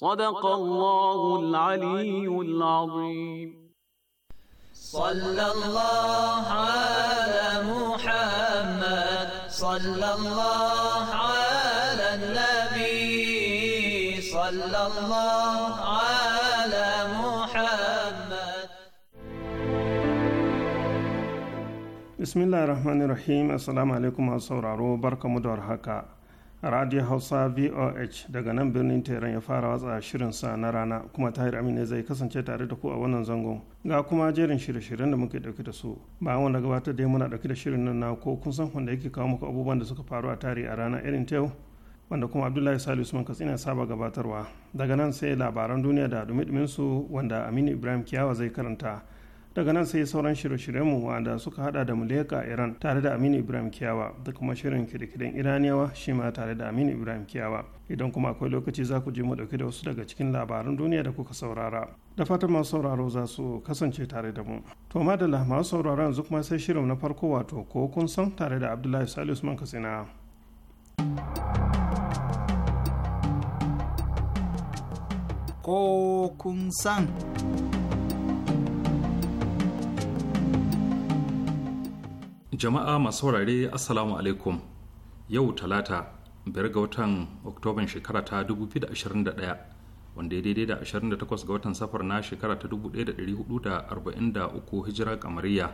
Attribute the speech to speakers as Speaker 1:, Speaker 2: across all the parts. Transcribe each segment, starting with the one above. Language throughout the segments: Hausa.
Speaker 1: صدق الله العلي العظيم صلى الله على محمد صلى الله على النبي صلى الله على محمد
Speaker 2: بسم الله الرحمن الرحيم السلام عليكم ورحمة الله وبركاته radio hausa voh daga nan birnin teran ya fara watsa shirinsa na rana kuma tahir ne zai kasance tare da ku a wannan zangon ga kuma jerin shirye-shiryen da muke dauke da su bayan wanda gabatar da muna dauke da shirin nan na ko kun san wanda yake kawo muku abubuwan da suka faru a tare a rana irin ta yau wanda kuma abdullahi salisu usman katsina saba gabatarwa daga nan sai labaran duniya da dumi su wanda aminu ibrahim kiyawa zai karanta daga nan sai sauran shirye-shiryenmu wanda suka hada da muleka iran tare da aminu ibrahim kiyawa da kuma shirin kide iraniyawa shi ma tare da aminu ibrahim kiyawa idan kuma akwai lokaci za ku je mu dauke da wasu daga cikin labaran duniya da kuka saurara da fatan masu sauraro za su kasance tare da mu to madalla masu sauraro yanzu kuma sai shirin na farko wato ko kun san tare da abdullahi salisu usman katsina
Speaker 3: ko kun san
Speaker 4: jama'a masu saurare assalamu alaikum yau talata biyar ga watan oktoban shekara ta 2021 wanda ya daidai da 28 ga watan safar na shekara ta 1443 hijira kamariya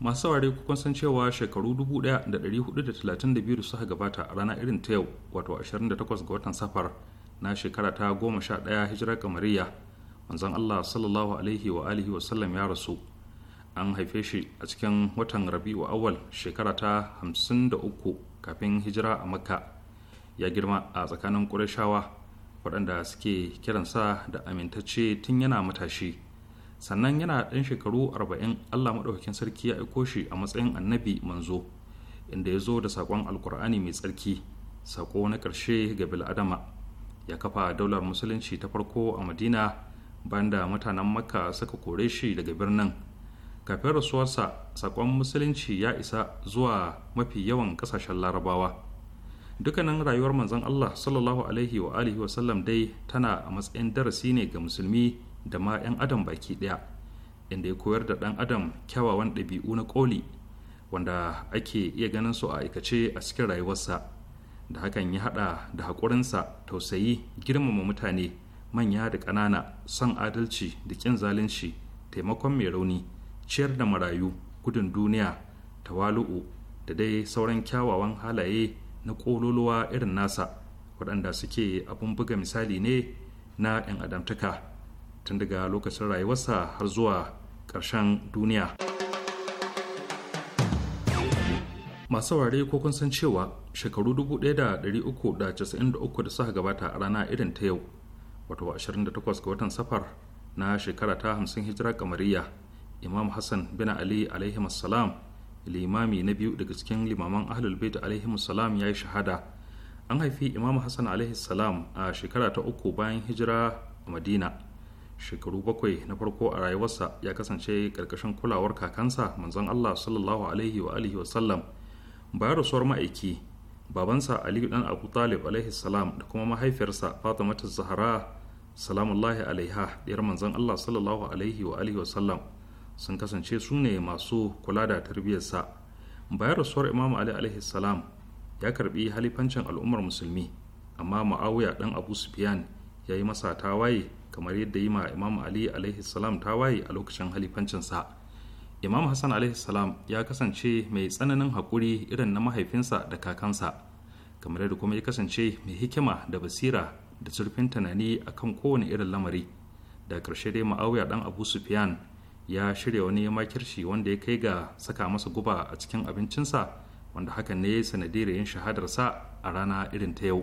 Speaker 4: masu saurare kukun san cewa shekaru 1432 da suka gabata a rana irin ta yau wato 28 ga watan safar na shekara ta 11 hijira kamariya manzon Allah sallallahu alaihi wa alihi wa sallam ya rasu an haife shi a cikin watan rabi'u awal shekara ta uku, kafin hijira a makka ya girma a tsakanin ƙurashawa waɗanda suke kiransa da amintacce tun yana matashi sannan yana ɗan shekaru arba'in allah maɗaukakin sarki ya aiko shi a matsayin annabi manzo inda ya zo da saƙon alkur'ani mai tsarki saƙo na ƙarshe ga bil'adama ya kafa daular musulunci ta farko a madina bayan da mutanen makka suka kore shi daga birnin kafin rasuwarsa sakon musulunci ya isa zuwa mafi yawan kasashen larabawa dukkanin rayuwar manzon allah sallallahu alaihi wa alihi dai tana a matsayin darasi ne ga musulmi da ma 'yan adam baki ɗaya inda ya koyar da ɗan adam kyawawan ɗabi'u na koli wanda ake iya ganin su a aikace a cikin rayuwarsa da hakan ya haɗa da haƙurinsa tausayi girmama mutane manya da ƙanana son adalci da ƙin zalunci taimakon mai rauni ciyar da marayu gudun duniya tawalu'u da dai sauran kyawawan halaye na ƙololuwa irin nasa waɗanda suke abin buga misali ne na 'yan adamtaka tun daga lokacin rayuwarsa har zuwa ƙarshen duniya masu ware ko kun san cewa shekaru 1393 da suka gabata a rana irin ta yau wato 28 ga watan safar na shekara ta 50 hijira kamariya imam hassan bin ali alaihi salam limami na biyu daga cikin limaman ahlul bait alaihi salam ya yi shahada an haifi imam hassan alaihi salam a shekara ta uku bayan hijira a madina shekaru bakwai na farko a rayuwarsa ya kasance karkashin kulawar kakansa manzon allah sallallahu alaihi wa alihi wasallam bayan rasuwar ma'aiki babansa aliyu dan abu talib alaihi salam da kuma mahaifiyarsa fatimatu zahra salamullahi alaiha diyar manzon allah sallallahu alaihi wa alihi wasallam sun kasance su ne masu kula da tarbiyyarsa bayan rasuwar imam ali alaihi salam ya karbi halifancin al'ummar musulmi amma ma'awiya dan abu sufyan ya yi masa tawaye kamar yadda yi ma imam ali alaihi salam tawaye a lokacin halifancinsa imam hassan alaihi salam ya kasance mai tsananin haƙuri irin na mahaifinsa da kakansa kamar yadda kuma ya kasance mai hikima da basira da zurfin tunani akan kowane irin lamari da ƙarshe dai ma'awiya dan abu sufyan ya shirya wani makirshi wanda ya kai ga saka masa guba a cikin abincinsa wanda hakan ne sanadiyar yin shahadarsa a rana irin ta yau.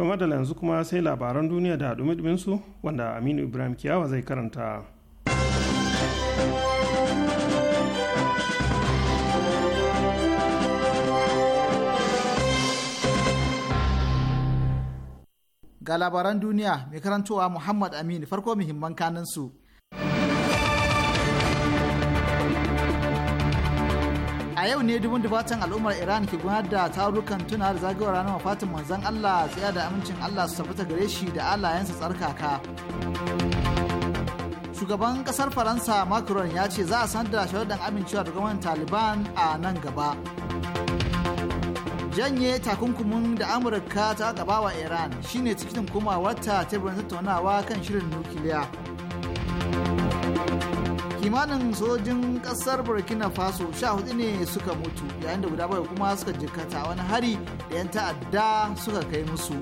Speaker 2: To madala yanzu kuma sai labaran duniya da dumi su wanda Aminu Ibrahim Kiyawa zai karanta.
Speaker 3: Ga labaran duniya mai karantowa Muhammad aminu farko muhimman kanansu a yau ne dubun dubatan al'ummar iran ke gudanar da tarukan tuna da zagayowar ranar wafatin manzon allah tsaya da amincin allah su tabbata gare shi da alayensa tsarkaka shugaban kasar faransa macron ya ce za a sanar da sharuɗan amincewa da gwamnatin taliban a nan gaba janye takunkumin da amurka ta gaba wa iran shine cikin wata teburin tattaunawa kan shirin nukiliya kimanin sojin kasar burkina faso sha hudu ne suka mutu yayin da guda bakwai kuma suka jikata wani hari da 'yan ta'adda suka kai musu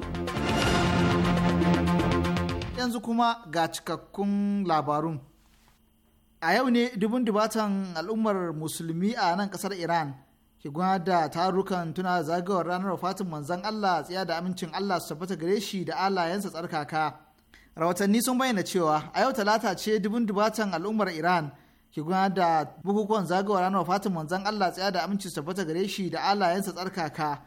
Speaker 3: yanzu kuma ga cikakkun labarun a yau ne dubun dubatan al'ummar musulmi a nan kasar iran ke da tarukan tuna zagawar ranar fatin manzan allah tsiya da amincin allah su tabbata gare shi da alayensa tsarkaka rahotanni sun bayyana cewa a yau talata ce dubun dubatan al'ummar iran ke gudanar da bukukuwan zagawa ranar fatin manzon allah tsaya da aminci tabbata gare shi da alayensa tsarkaka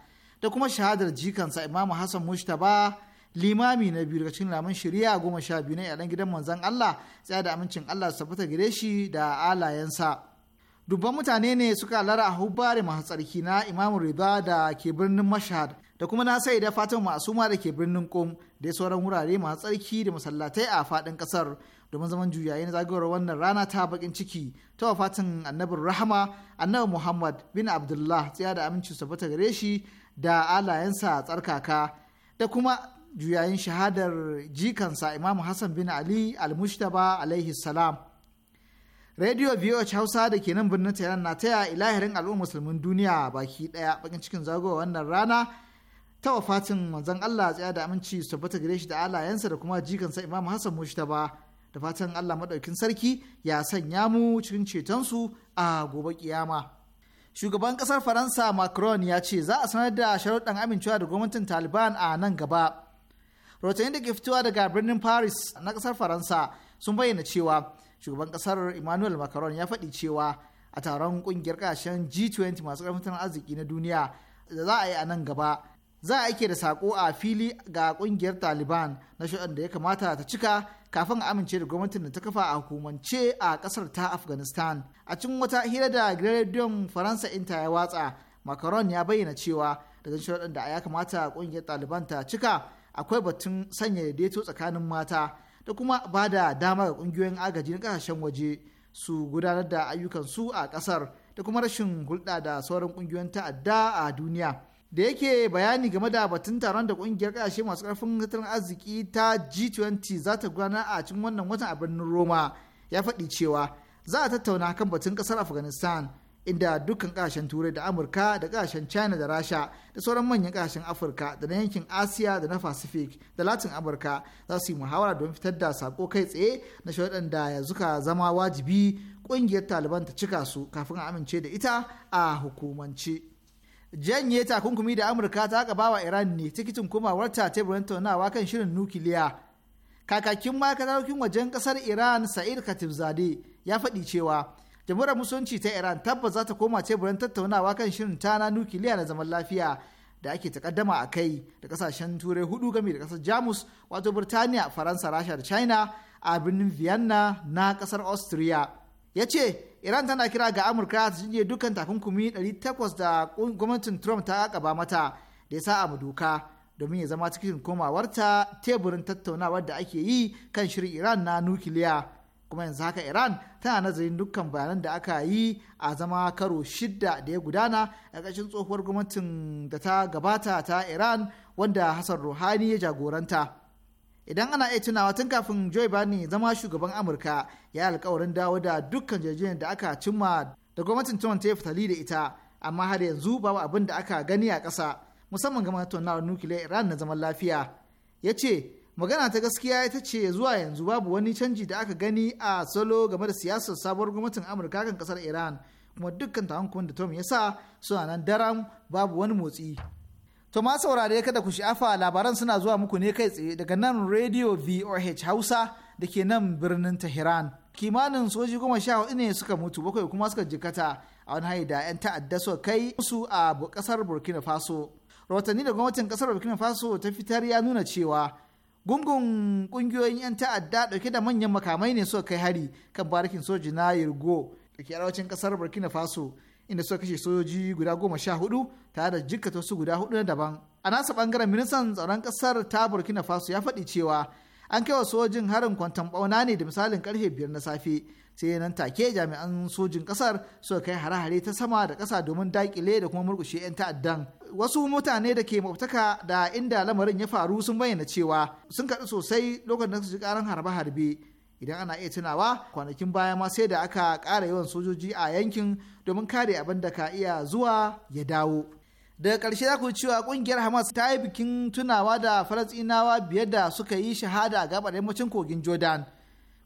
Speaker 3: da kuma shahadar jikansa imamu hassan mushtaba limami na biyu daga cikin lamun shari'a goma sha biyu na yalan gidan manzon allah tsaya da amincin allah su tabbata gare shi da alayensa dubban mutane ne suka lara a hubbari masu tsarki na imamu riba da ke birnin mashhad da kuma na sai da fatan masuma da ke birnin kom da ya sauran wurare masu tsarki da masallatai a faɗin kasar domin zaman juyayi na zagayowar wannan rana ta bakin ciki ta wafatin annabin rahama annabi muhammad bin abdullah tsaya da aminci su bata gare shi da alayensa tsarkaka da kuma juyayin shahadar jikansa imam hassan bin ali almushtaba alaihi salam radio voh hausa da ke nan birnin tehran na taya ilahirin al'ummar musulmin duniya baki daya bakin cikin zagayowar wannan rana ta wafatin manzon Allah tsaya da aminci su tabbata gare shi da alayensa da kuma jikansa imamu Hassan Mushtaba da fatan Allah madaukin sarki ya sanya mu cikin ceton su a gobe kiyama. Shugaban kasar Faransa Macron ya ce za a sanar da sharuɗan amincewa da gwamnatin Taliban a nan gaba. Rahotanni da ke fitowa daga birnin Paris na kasar Faransa sun bayyana cewa shugaban kasar Emmanuel Macron ya faɗi cewa a taron kungiyar ƙasashen G20 masu ƙarfin arziki na duniya da za a yi a nan gaba za a ke da sako a fili ga kungiyar taliban na shaɗan da ya kamata ta cika kafin a amince da gwamnatin da ta kafa a hukumance a ƙasar ta afghanistan a cikin wata hira da gidan faransa inta ya watsa macron ya bayyana cewa daga shaɗan da ya kamata kungiyar taliban ta cika akwai batun sanya daidaito tsakanin mata da kuma ba da dama ga kungiyoyin agaji na ƙasashen waje su gudanar da ayyukansu a ƙasar da kuma rashin hulɗa da sauran kungiyoyin ta'adda a duniya da yake bayani game da batun taron da kungiyar kasashe masu karfin tattalin arziki ta G20 za ta gudanar a cikin wannan watan a birnin Roma ya faɗi cewa za a tattauna kan batun ƙasar Afghanistan inda dukkan kasashen Turai da Amurka da kasashen China da Rasha da sauran manyan kasashen Afirka da na yankin Asiya da na Pacific da Latin Amurka za su yi muhawara don fitar da sako kai tsaye na shawarar da ya zuka zama wajibi kungiyar Taliban ta cika su kafin a amince da ita a hukumance. janye takunkumi da amurka ta gaba bawa iran ne tikitin komawarta teburin taunawa kan shirin nukiliya kakakin ma'aikatarokin wajen kasar iran sa'id zade ya faɗi cewa jamhuriyar musulunci ta iran tabbas za ta koma teburin tattaunawa kan shirin tana nukiliya na zaman lafiya da ake takaddama a kai da kasashen turai hudu game da kasar jamus wato birtaniya faransa rasha da china a birnin vienna na kasar austria ya ce iran tana kira ga amurka ta jinye dukkan takunkumi 800 da gwamnatin trump ta kaba mata da ya sa a doka domin ya zama cikin komawarta teburin tattaunawar da ake yi kan shirin iran na nukiliya kuma yanzu haka iran tana nazarin dukkan bayanan da aka yi a zama karo shidda da ya gudana a ƙarshen tsohuwar gwamnatin da ta gabata ta iran wanda hassan ruhani ya jagoranta idan ana iya tunawa tun kafin joe bani zama shugaban amurka ya alkawarin dawo da dukkan jirgin da aka cimma da gwamnatin trump ta yi fitali da ita amma har yanzu babu abin da aka gani a ƙasa musamman game tattaunawar nukiliya iran na zaman lafiya ya ce magana ta gaskiya ita ce zuwa yanzu babu wani canji da aka gani a salo game da siyasar sabuwar gwamnatin amurka kan ƙasar iran kuma dukkan takunkumin da trump ya sa suna nan daram babu wani motsi To ma saurare kada ku sha'afa labaran suna zuwa muku ne kai tsaye daga nan Radio VOH Hausa da ke nan birnin Tehran. Kimanin soji goma sha hudu ne suka mutu bakwai kuma suka jikata a wani hari da 'yan ta'adda suka kai musu a kasar Burkina Faso. Rahotanni da gwamnatin kasar Burkina Faso ta fitar ya nuna cewa gungun kungiyoyin 'yan ta'adda dauke da manyan makamai ne suka kai hari kan barikin soji na Yirgo da ke arewacin kasar Burkina Faso. inda suka kashe sojoji guda goma sha hudu tare da jikkata wasu guda hudu na daban a nasa bangaren ministan tsaron kasar ta burkina faso ya faɗi cewa an kai wa sojin harin kwantan bauna ne da misalin karfe biyar na safe sai nan take jami'an sojin kasar suka kai hare-hare ta sama da kasa domin dakile da kuma murkushe 'yan ta'addan wasu mutane da ke mautaka da inda lamarin ya faru sun bayyana cewa sun kaɗu sosai lokacin da su ji ƙaran harbe-harbe idan ana iya tunawa kwanakin baya ma sai da aka kara yawan sojoji a yankin domin kare abin da ka iya zuwa ya dawo daga ƙarshe za ku cewa ƙungiyar hamas ta yi bikin tunawa da falasɗinawa biyar da suka yi shahada a gabar yammacin kogin jordan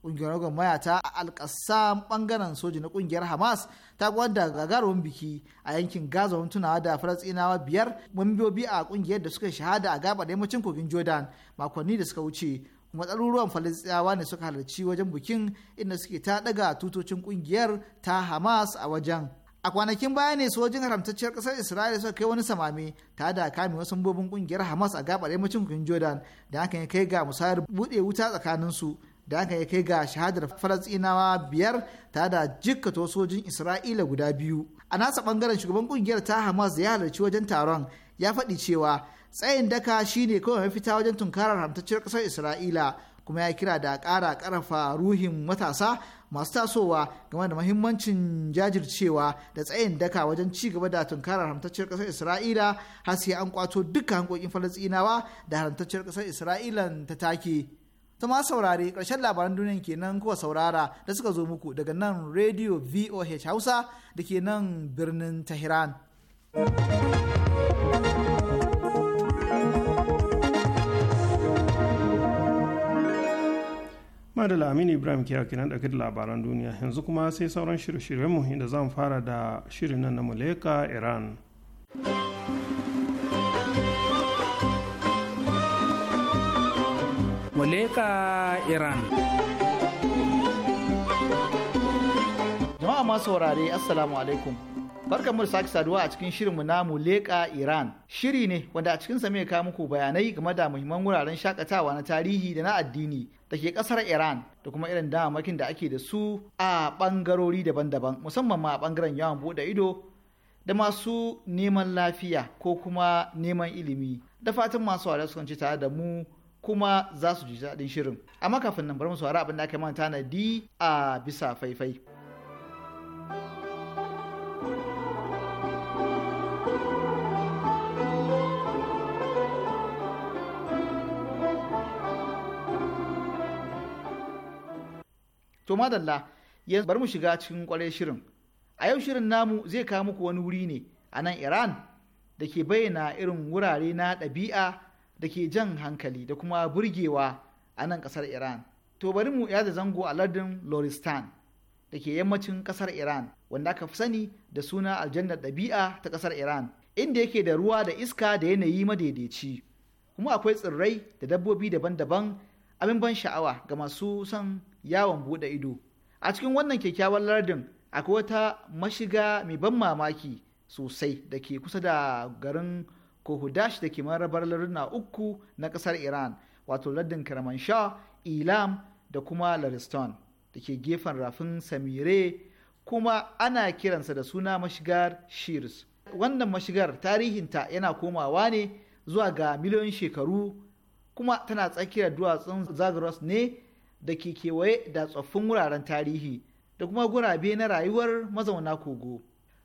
Speaker 3: ƙungiyar mayata ta alƙasam ɓangaren soji na ƙungiyar hamas ta gwada gagarumin biki a yankin gaza wani tunawa da falasɗinawa biyar mambobi a ƙungiyar da suka shahada a gabar yammacin kogin jordan makonni da suka wuce matsaruruwan falisiyawa ne suka halarci wajen bukin inda suke ta daga tutocin kungiyar ta hamas a wajen a kwanakin baya ne sojin haramtacciyar kasar isra'ila suka kai wani samami ta da kame wasu mabobin kungiyar hamas a gabar yammacin kogin jordan da hakan ya kai ga musayar buɗe wuta tsakanin su da hakan ya kai ga shahadar falastinawa biyar ta da jikkato sojin isra'ila guda biyu a nasa bangaren shugaban kungiyar ta hamas da ya halarci wajen taron ya faɗi cewa tsayin daka shine kawai mafita wajen tunkarar haramtacciyar kasar isra'ila kuma ya kira da kara ƙarfa ruhin matasa masu tasowa game da mahimmancin jajircewa da tsayin daka wajen ci gaba da tunkarar haramtacciyar kasar isra'ila har sai an kwato dukkan hankokin falastinawa da haramtacciyar kasar isra'ila ta take ta ma saurare karshen labaran duniyan kenan kuwa saurara da suka zo muku daga nan radio voh hausa da ke nan birnin tehran
Speaker 2: madala amini ibrahim ke kenan ɗauke da labaran duniya yanzu kuma sai sauran shirye shiryen muhimmi inda zan fara da shirin nan na muleka iran
Speaker 3: muleka iran jama'a masu wurare assalamu alaikum Barkan mu sake saduwa a cikin mu na Muleka Iran. Shiri ne wanda a cikin cikinsa mai kawo muku bayanai game da muhimman wuraren shakatawa na tarihi da na addini da ke kasar Iran da kuma irin damamakin da ake da su a bangarori daban-daban musamman ma a bangaren yawon bude ido da masu neman lafiya ko kuma neman ilimi. Da fatan masu wada su ci tare da mu kuma za su ji daɗin shirin. Amma kafin nan bari mu saurari abin da aka manta na di a bisa faifai. to madalla yanzu bari mu shiga cikin kwarai shirin a yau shirin namu zai kawo muku wani wuri ne a nan iran da ke bayyana irin wurare na ɗabi'a da ke jan hankali da kuma burgewa a nan ƙasar iran to bari mu yada zango a lardin loristan da ke yammacin ƙasar iran wanda aka fi sani da suna aljannar ɗabi'a ta ƙasar iran inda yake da ruwa da iska da yanayi madaidaici kuma akwai tsirrai da dabbobi daban-daban abin ban sha'awa ga masu son yawon buɗe ido a cikin wannan kyakkyawan lardin akwai wata mashiga mai ban mamaki sosai da ke kusa da garin kohudash da ke marabar larduna uku na ƙasar iran wato lardin kermanshah ilam da kuma lariston da ke gefen rafin samire kuma ana kiransa da suna mashigar shears wannan mashigar tarihinta yana komawa ne zuwa ga miliyoyin shekaru kuma tana tsakiyar duwatsun zagros ne da ke kewaye da tsoffin wuraren tarihi da kuma gurabe na rayuwar mazauna kogo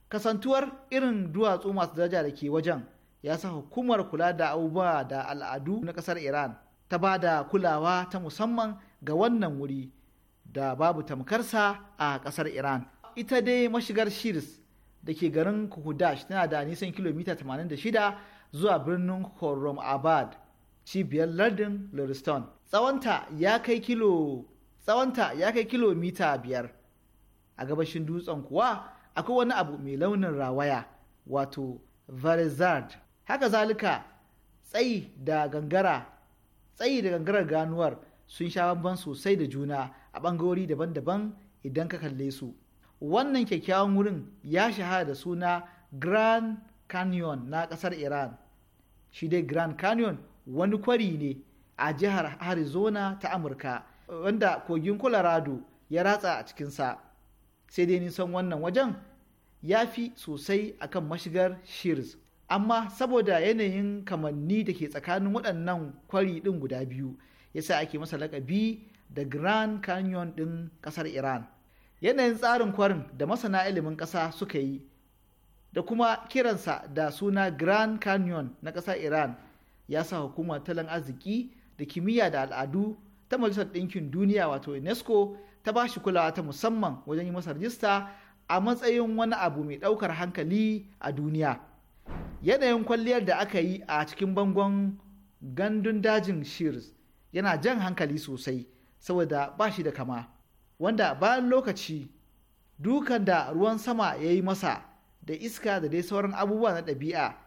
Speaker 3: kasantuwar irin duwatsu masu daraja da ke wajen ya sa hukumar kula da abubuwa da al'adu na ƙasar iran ta ba da kulawa ta musamman ga wannan wuri da babu tamkarsa a ƙasar iran ita dai mashigar shirs da ke garin kuhudash tana da nisan kilomita 86 zuwa birnin khorram abad cibiyar lardin Lurston. Tsawonta ya kai kilo tsawonta ya kai kilomita biyar. A gabashin dutsen kuwa akwai wani abu mai launin rawaya wato Verizard. Haka zalika tsayi da gangara tsayi da gangarar ganuwar sun sha bamban sosai da juna a ɓangarori daban-daban idan ka kalle su. Wannan kyakkyawan wurin ya shahara da suna Grand Canyon na ƙasar Iran. Shi dai Grand Canyon wani kwari ne a jihar arizona ta amurka wanda kogin colorado ya ratsa a cikinsa sai dai nisan wannan wajen ya fi sosai a kan mashigar shears amma saboda yanayin kamanni da ke tsakanin waɗannan kwari ɗin guda biyu ya yasa ake masa lakabi da grand canyon ɗin ƙasar iran yanayin tsarin kwarin da masana ilimin ƙasa suka yi da kuma kiransa da suna grand canyon na ƙasar iran ya sa hukumar talan arziki da kimiyya da al'adu ta majalisar ɗinkin duniya wato unesco ta ba shi kulawa ta musamman wajen yi masa rajista a matsayin wani abu mai ɗaukar hankali a duniya yanayin kwalliyar da aka yi a cikin bangon gandun dajin shears yana jan hankali sosai saboda ba shi da kama wanda bayan lokaci dukan da ruwan sama ya yi masa da iska da dai sauran abubuwa na ɗabi'a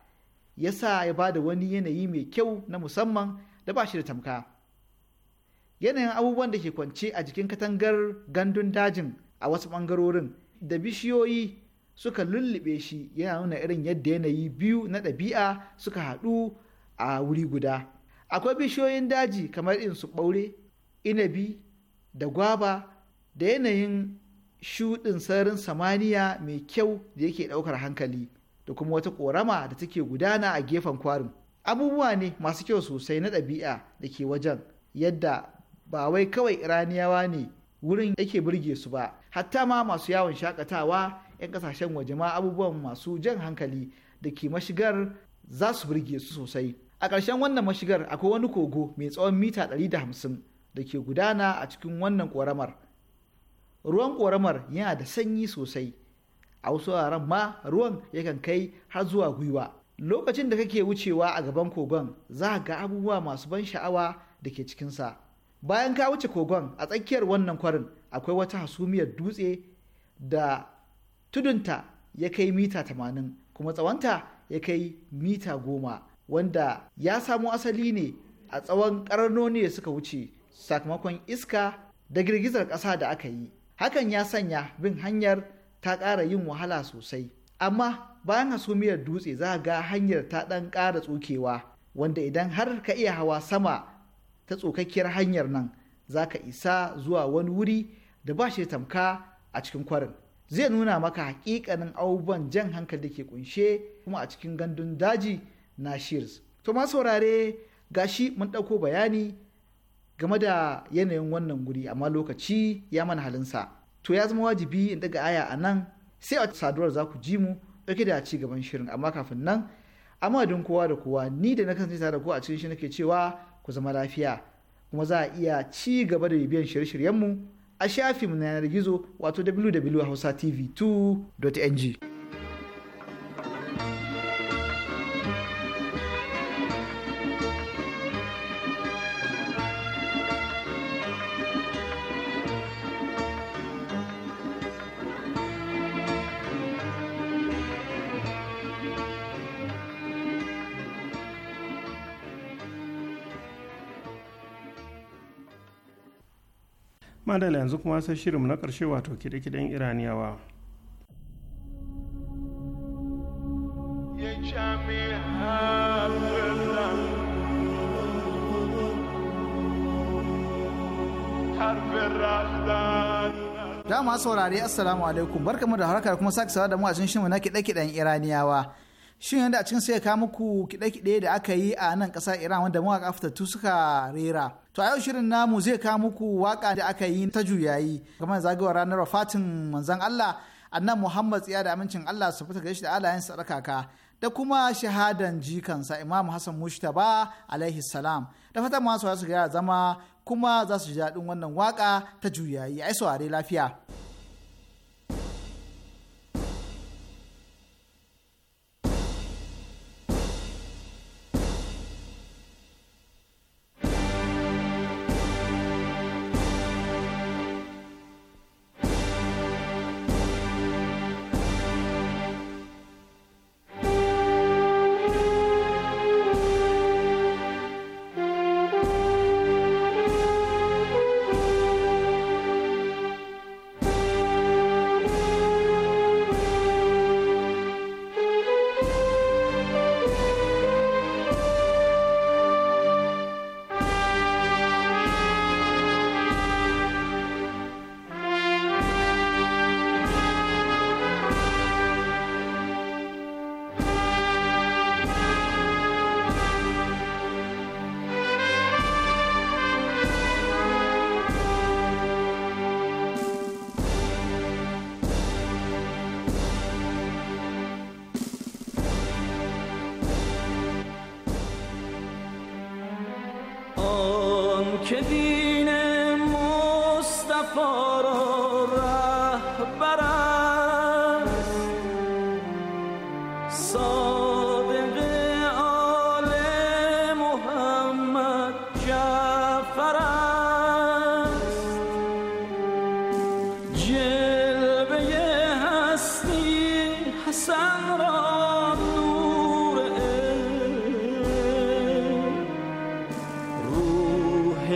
Speaker 3: ya sa ya ba da wani yanayi mai kyau na musamman da ba shi da tamka yanayin abubuwan da ke kwance a jikin katangar gandun dajin a wasu ɓangarorin da bishiyoyi suka lullube shi yana nuna irin yadda yanayi biyu na ɗabi'a suka haɗu a wuri guda akwai bishiyoyin daji kamar in su ɓaure inabi da gwaba da yanayin shuɗin sararin samaniya mai kyau da yake ɗaukar hankali da kuma wata korama da take gudana a gefen kwarin abubuwa ne masu kyau sosai na ɗabi'a da ke wajen yadda ba wai kawai iraniyawa ne wurin yake burge su ba hatta ma masu yawon shakatawa 'yan kasashen waje ma abubuwan masu jan hankali da ke mashigar za su burge su sosai a ƙarshen wannan mashigar akwai wani kogo mai tsawon mita 150 da ke gudana a cikin wannan ƙoramar ruwan ƙoramar yana da sanyi sosai a wasu wuraren ma ruwan yakan kai har zuwa gwiwa lokacin da kake wucewa a gaban kogon za ga abubuwa masu ban sha'awa da ke cikinsa bayan ka wuce kogon a tsakiyar wannan kwarin akwai wata hasumiyar dutse da tudunta ya kai mita tamanin kuma tsawonta ya kai mita goma wanda ya samo asali ne a tsawon ƙarnoni da suka wuce sakamakon iska da girgizar ƙasa da aka yi hakan ya sanya bin hanyar ta ƙara yin wahala sosai amma bayan hasumiyar dutse za ga hanyar ta ɗan ƙara tsokewa wanda idan har ka iya hawa sama ta tsokakkiyar hanyar nan za ka isa zuwa wani wuri da ba shi tamka a cikin kwarin zai nuna maka hakikanin abubuwan jan hankali da ke kunshe kuma a cikin gandun daji na shears to ma saurare gashi mun ɗauko bayani game da yanayin wannan guri amma lokaci ya mana halinsa. to ya zama wajibi in daga aya a nan sai a saduwar za ku ji mu ɗauke da ci gaban shirin amma kafin nan amma don kowa da kowa ni da na kasance tare da ku a cikin shi nake cewa ku zama lafiya kuma za a iya ci gaba da bibiyan shirye-shiryenmu a shafinmu na yanar gizo wato www.hausatv2.ng.
Speaker 2: madala yanzu kuma sai shirinmu na ƙarshe wato kiɗe-kiɗen iraniyawa
Speaker 3: ma saurare Assalamu alaikum barkamu da harkar kuma sake sawa da mu a cikin shirin na kiɗe-kiɗen Iraniyawa. Shin yanda a cikin sai ka muku kiɗe-kiɗe da aka yi a nan ƙasar Iran wanda mawaƙa fitattu suka rera. To a yau shirin namu zai kawo muku waka da aka yi ta juyayi game zagayowar ranar wafatin manzon Allah annan Muhammad tsiya da amincin Allah su fita gaishe da alayen sadakaka da kuma shahadan jikansa Imam Hassan Mushtaba alaihi salam da fatan masu su ga zama kuma za su ji daɗin wannan waka ta juyayi ai saware lafiya.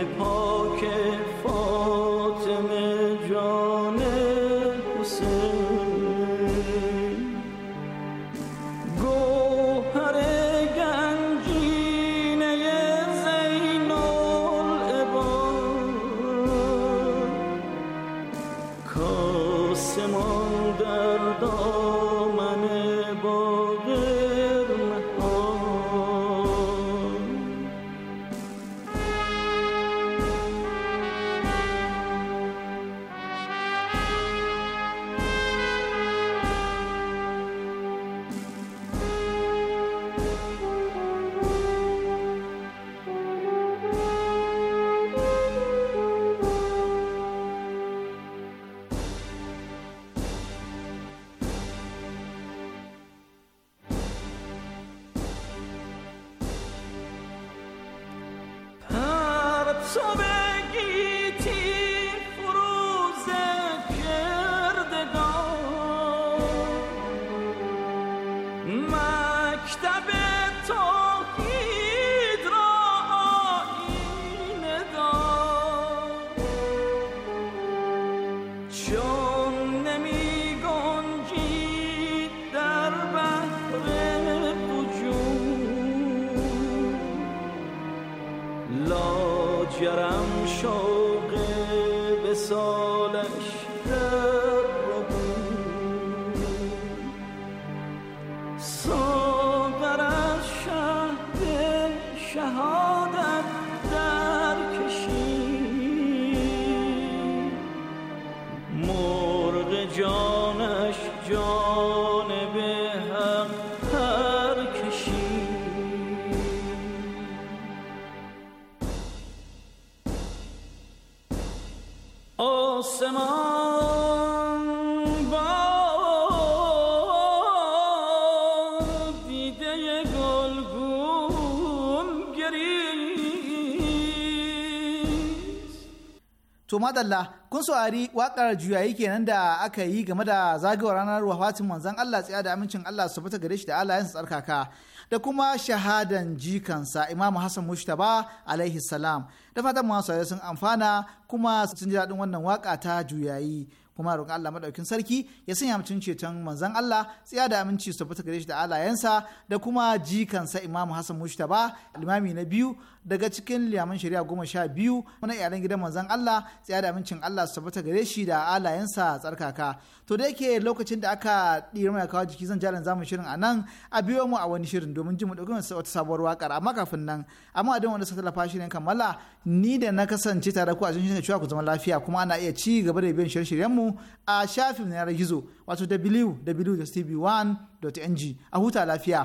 Speaker 1: ให้พอ sauver به هم هر کشی آسمان با دیده گلگون گریز
Speaker 3: تو مدالله kun saurari wakar juyayi kenan da aka yi game da zagawar ranar wafatin manzon Allah tsaya da amincin Allah su fita gare shi da Allah tsarkaka da kuma shahadan jikansa Imam Hassan Mustafa alaihi salam da fatan masu sun amfana kuma sun ji daɗin wannan waka ta juyayi kuma roƙon Allah madaukin sarki ya sanya mutum ceton manzon Allah tsaya da aminci su fita gare shi da alayensa da kuma jikansa Imam Hassan Mustafa limami na biyu daga cikin liyaman shari'a goma sha biyu wani iyalan gidan manzon Allah tsaya da amincin Allah su tabbata gare shi da alayensa tsarkaka to da yake lokacin da aka dira mai kawo jiki zan jalan zamu shirin anan a biyo mu a wani shirin domin jin mu ɗauki wata sabuwar wakar amma kafin nan amma don wanda suka tallafa shi ne kammala ni da na kasance tare ku a cikin shirin ku zama lafiya kuma ana iya ci gaba da biyan shirye-shiryen mu a shafin yanar gizo wato www.tv1.ng a huta lafiya.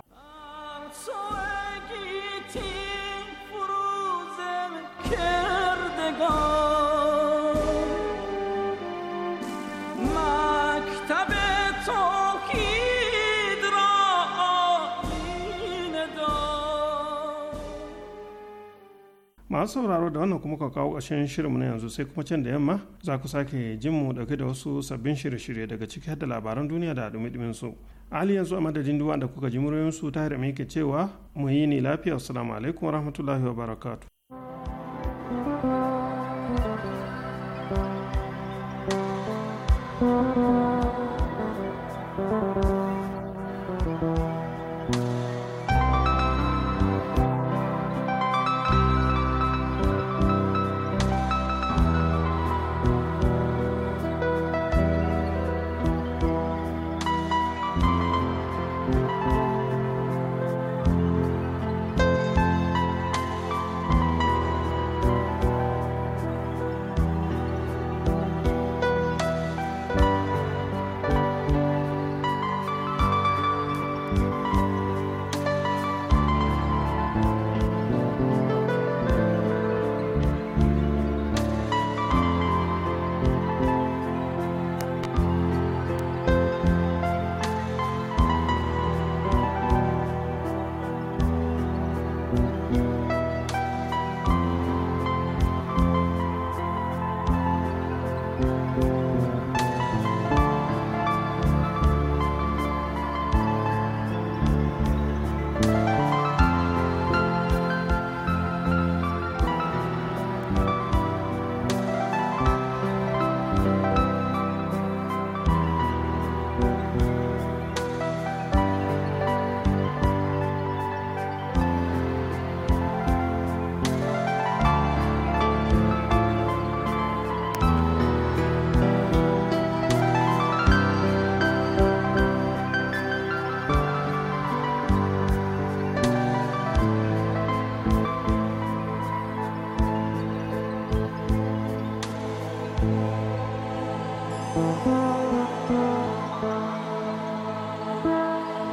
Speaker 2: masu sauraro da wannan kuma ka kawo ƙarshen shirinmu na yanzu sai kuma can da yamma za ku sake jin mu dauke da wasu sabbin shirye-shirye daga ciki da labaran duniya da dumi su hali yanzu a madadin duwa da kuka ji muryoyin su ta da ke cewa mu yi ni lafiya assalamu alaikum warahmatullahi wabarakatuh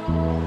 Speaker 5: Thank you.